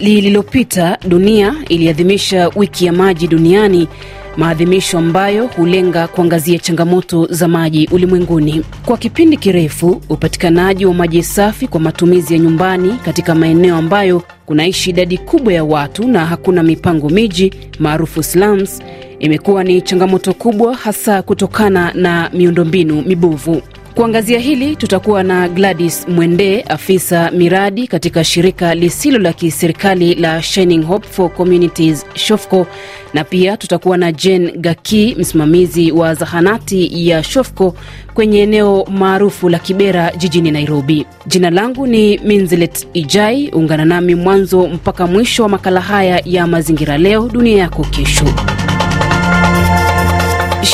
lililopita dunia iliadhimisha wiki ya maji duniani, maadhimisho ambayo hulenga kuangazia changamoto za maji ulimwenguni. Kwa kipindi kirefu, upatikanaji wa maji safi kwa matumizi ya nyumbani katika maeneo ambayo kunaishi idadi kubwa ya watu na hakuna mipango miji maarufu slams imekuwa ni changamoto kubwa, hasa kutokana na miundombinu mibovu. Kuangazia hili tutakuwa na Gladys Mwende, afisa miradi katika shirika lisilo la kiserikali la Shining Hope for Communities SHOFCO, na pia tutakuwa na Jane Gaki, msimamizi wa zahanati ya SHOFCO kwenye eneo maarufu la Kibera jijini Nairobi. Jina langu ni Minzilet Ijai, ungana nami mwanzo mpaka mwisho wa makala haya ya mazingira, leo dunia yako kesho.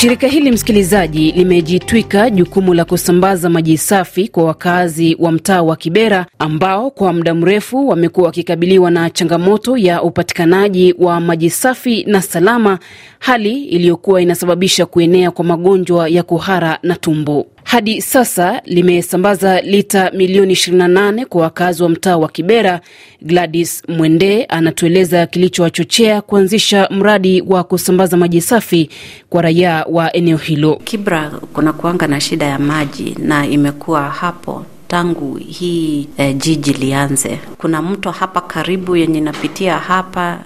Shirika hili msikilizaji, limejitwika jukumu la kusambaza maji safi kwa wakazi wa mtaa wa Kibera ambao kwa muda mrefu wamekuwa wakikabiliwa na changamoto ya upatikanaji wa maji safi na salama, hali iliyokuwa inasababisha kuenea kwa magonjwa ya kuhara na tumbo. Hadi sasa limesambaza lita milioni 28 kwa wakazi wa mtaa wa Kibera. Gladys Mwende anatueleza kilichowachochea kuanzisha mradi wa kusambaza maji safi kwa raia wa eneo hilo. Kibra kuna kuanga na shida ya maji na imekuwa hapo tangu hii eh, jiji lianze. Kuna mto hapa karibu yenye inapitia hapa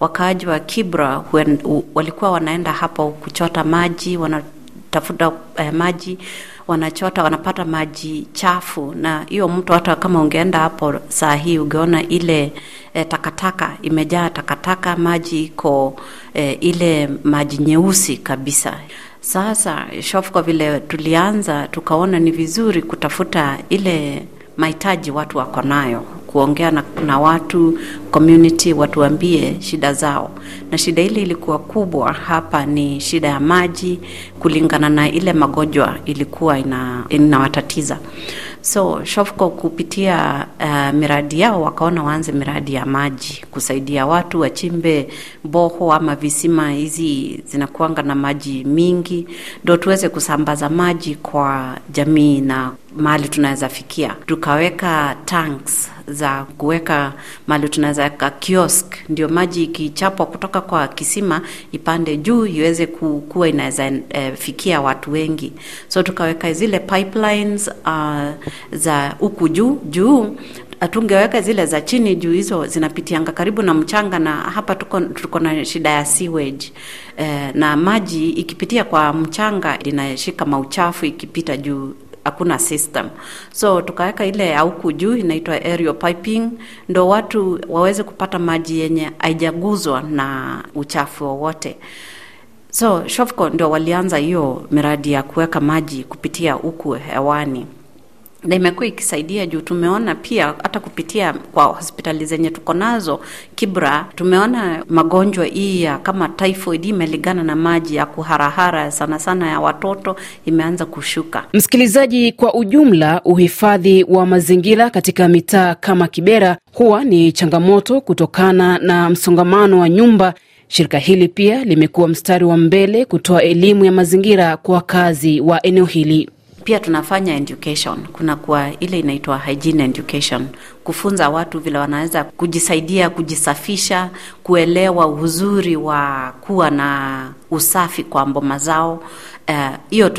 wakaaji wa Kibra walikuwa wanaenda hapo kuchota maji, wanatafuta eh, maji wanachota, wanapata maji chafu, na hiyo mtu hata kama ungeenda hapo saa hii ungeona ile e, takataka imejaa takataka, maji iko e, ile maji nyeusi kabisa. Sasa shofko vile tulianza, tukaona ni vizuri kutafuta ile mahitaji watu wako nayo kuongea na, na watu community watuambie shida zao, na shida ile ilikuwa kubwa hapa ni shida ya maji, kulingana na ile magonjwa ilikuwa inawatatiza ina so Shofco kupitia uh, miradi yao wakaona waanze miradi ya maji kusaidia watu wachimbe boho ama visima hizi zinakuanga na maji mingi, ndo tuweze kusambaza maji kwa jamii na mahali tunaweza fikia, tukaweka tanks za kuweka mali tunaweza weka kiosk, ndio maji ikichapwa kutoka kwa kisima ipande juu iweze kuwa inaweza e, eh, fikia watu wengi. So tukaweka zile pipelines uh, za huku juu juu tungeweka zile za chini juu, hizo zinapitianga karibu na mchanga, na hapa tuko, tuko na shida ya sewage e, na maji ikipitia kwa mchanga inashika mauchafu ikipita juu hakuna system. So tukaweka ile auku juu inaitwa aerial piping, ndo watu waweze kupata maji yenye haijaguzwa na uchafu wowote. So Shofco ndo walianza hiyo miradi ya kuweka maji kupitia huku hewani na imekuwa ikisaidia juu tumeona pia hata kupitia kwa hospitali zenye tuko nazo Kibra, tumeona magonjwa hii ya kama typhoid imeligana na maji ya kuharahara sana sana ya watoto imeanza kushuka. Msikilizaji, kwa ujumla, uhifadhi wa mazingira katika mitaa kama Kibera huwa ni changamoto kutokana na msongamano wa nyumba. Shirika hili pia limekuwa mstari wa mbele kutoa elimu ya mazingira kwa wakazi wa eneo hili. Pia tunafanya education, kuna kwa ile inaitwa hygiene education, kufunza watu vile wanaweza kujisaidia, kujisafisha, kuelewa uzuri wa kuwa na usafi kwa mboma zao Eh, hiyo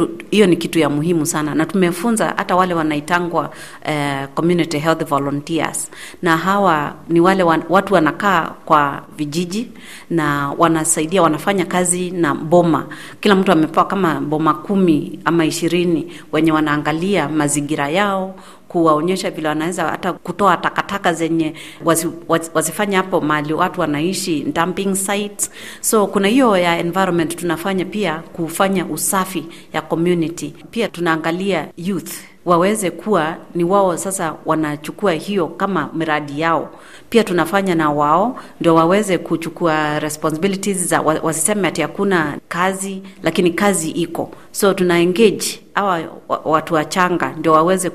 uh, ni kitu ya muhimu sana, na tumefunza hata wale wanaitangwa uh, community health volunteers, na hawa ni wale wan, watu wanakaa kwa vijiji na wanasaidia, wanafanya kazi na boma. Kila mtu amepewa kama boma kumi ama ishirini wenye wanaangalia mazingira yao, kuwaonyesha vile wanaweza hata kutoa takataka zenye wazi, wazi, wazifanya hapo mahali watu wanaishi dumping sites. So kuna hiyo ya environment tunafanya pia kufanya usafi ya community. Pia tunaangalia youth waweze kuwa ni wao sasa wanachukua hiyo kama miradi yao. Pia tunafanya na wao ndio waweze kuchukua responsibilities za wasiseme ati hakuna kazi, lakini kazi iko. So tuna engage hawa watu wachanga ndio waweze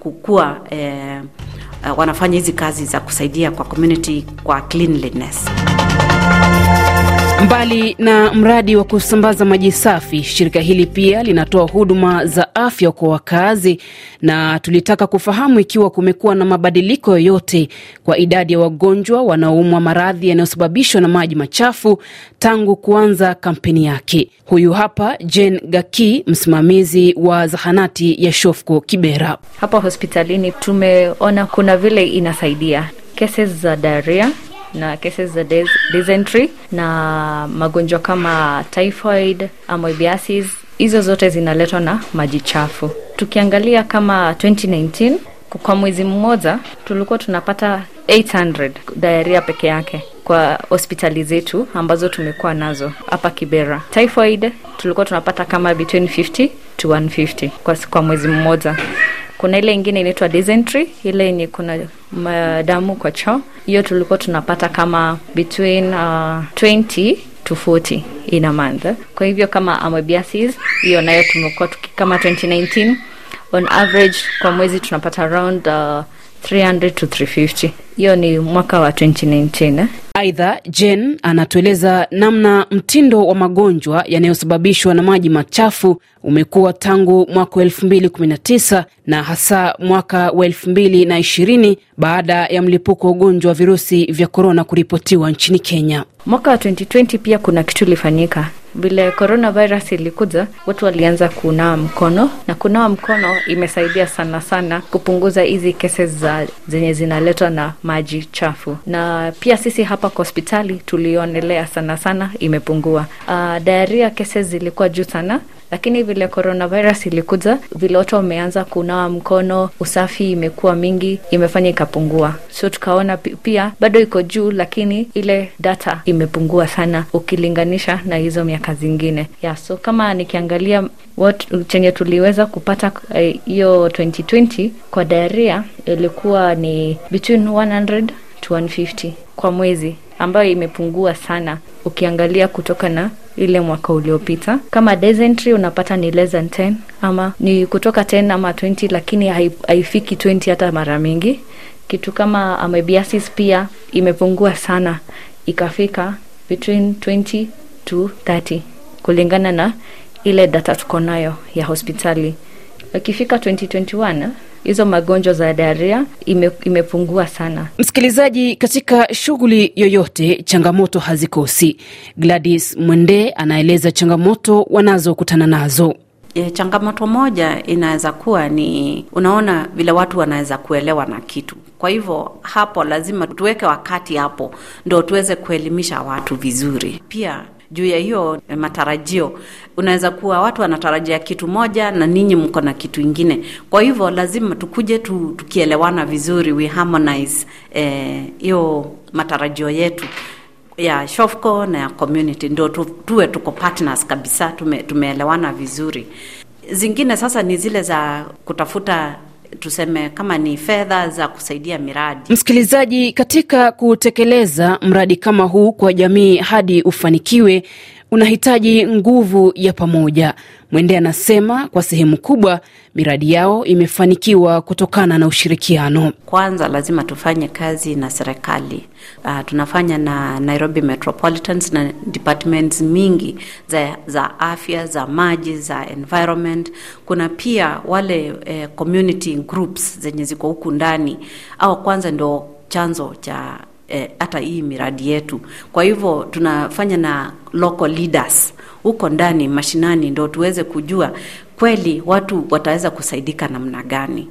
kukua, eh, wanafanya hizi kazi za kusaidia kwa community kwa cleanliness. Mbali na mradi wa kusambaza maji safi, shirika hili pia linatoa huduma za afya kwa wakazi, na tulitaka kufahamu ikiwa kumekuwa na mabadiliko yoyote kwa idadi ya wagonjwa wanaoumwa maradhi yanayosababishwa na maji machafu tangu kuanza kampeni yake. Huyu hapa Jane Gaki, msimamizi wa zahanati ya Shofko Kibera. Hapa hospitalini tumeona kuna vile inasaidia kesi za daria na cases za dysentery na magonjwa kama typhoid, amoebiasis. Hizo zote zinaletwa na maji chafu. Tukiangalia kama 2019 kwa mwezi mmoja tulikuwa tunapata 800 diarrhea peke yake kwa hospitali zetu ambazo tumekuwa nazo hapa Kibera. Typhoid tulikuwa tunapata kama between 50 to 150 kwa, kwa mwezi mmoja. Kuna ile ingine inaitwa dysentery, ile yenye kuna Mm, eh, damu kwa choo. Hiyo tulikuwa tunapata kama between uh, 20 to 40 in a month. Kwa hivyo kama amebiasis hiyo nayo tumekuwa kama 2019 on average kwa mwezi tunapata around uh, 300 to 350. Hiyo ni mwaka wa 2019. Eh? Aidha, Jen anatueleza namna mtindo wa magonjwa yanayosababishwa na maji machafu umekuwa tangu mwaka wa 219 na hasa mwaka wa 220 baada ya mlipuko wa ugonjwa wa virusi vya korona kuripotiwa nchini Kenya. Mwaka wa 2020 pia kuna kitu ilifanyika vile coronavirus ilikuja, watu walianza kunawa mkono, na kunawa mkono imesaidia sana sana kupunguza hizi kese za zenye zinaletwa na maji chafu, na pia sisi hapa kwa hospitali tulionelea sana sana imepungua. Uh, diarrhea kesi zilikuwa juu sana lakini vile coronavirus ilikuja, vile watu wameanza kunawa mkono, usafi imekuwa mingi, imefanya ikapungua. So tukaona pia bado iko juu, lakini ile data imepungua sana ukilinganisha na hizo miaka zingine yeah. So kama nikiangalia what chenye tuliweza kupata eh, hiyo uh, 2020 kwa daria ilikuwa ni between 100 to 150 kwa mwezi ambayo imepungua sana ukiangalia kutoka na ile mwaka uliopita. Kama dysentery unapata ni less than 10 ama ni kutoka 10 ama 20, lakini haifiki 20 hata mara mingi. Kitu kama amebiasis pia imepungua sana ikafika between 20 to 30 kulingana na ile data tuko nayo ya hospitali. Ikifika 2021 hizo magonjwa za daria ime, imepungua sana. Msikilizaji, katika shughuli yoyote changamoto hazikosi. Gladys Mwende anaeleza changamoto wanazokutana nazo. E, changamoto moja inaweza kuwa ni unaona vile watu wanaweza kuelewa na kitu. Kwa hivyo hapo lazima tuweke wakati hapo ndo tuweze kuelimisha watu vizuri. Pia juu ya hiyo eh, matarajio. Unaweza kuwa watu wanatarajia kitu moja na ninyi mko na kitu ingine, kwa hivyo lazima tukuje tu, tukielewana vizuri, we harmonize eh, hiyo eh, matarajio yetu ya Shofco na ya community ndo tu, tuwe tuko partners kabisa, tume, tumeelewana vizuri. Zingine sasa ni zile za kutafuta tuseme kama ni fedha za kusaidia miradi. Msikilizaji, katika kutekeleza mradi kama huu kwa jamii hadi ufanikiwe unahitaji nguvu ya pamoja. Mwende anasema kwa sehemu kubwa miradi yao imefanikiwa kutokana na ushirikiano. Kwanza lazima tufanye kazi na serikali. Uh, tunafanya na Nairobi Metropolitans na departments mingi za, za afya, za maji, za environment. Kuna pia wale eh, community groups zenye ziko huku ndani au kwanza ndo chanzo cha Eh, hata eh, hii miradi yetu. Kwa hivyo tunafanya na local leaders huko ndani mashinani, ndo tuweze kujua kweli watu wataweza kusaidika namna gani?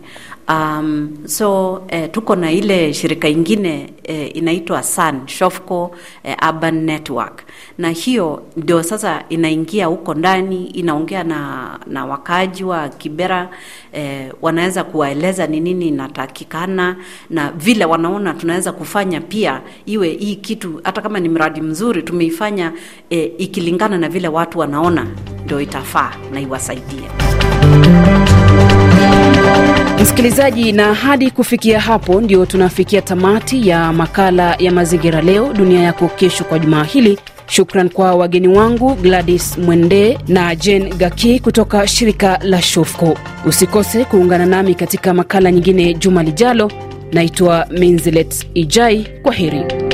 Um, so eh, tuko na ile shirika ingine eh, inaitwa San Shofco eh, Urban Network, na hiyo ndio sasa inaingia huko ndani, inaongea na, na wakaaji wa Kibera eh, wanaweza kuwaeleza ni nini inatakikana na vile wanaona tunaweza kufanya pia iwe hii kitu, hata kama ni mradi mzuri tumeifanya eh, ikilingana na vile watu wanaona ndio itafaa na iwasaidie. Msikilizaji, na hadi kufikia hapo ndio tunafikia tamati ya makala ya mazingira leo dunia yako kesho kwa jumaa hili. Shukran kwa wageni wangu Gladys Mwende na jen Gaki kutoka shirika la Shofco. Usikose kuungana nami katika makala nyingine juma lijalo. Naitwa Minzilet Ijai, kwa heri.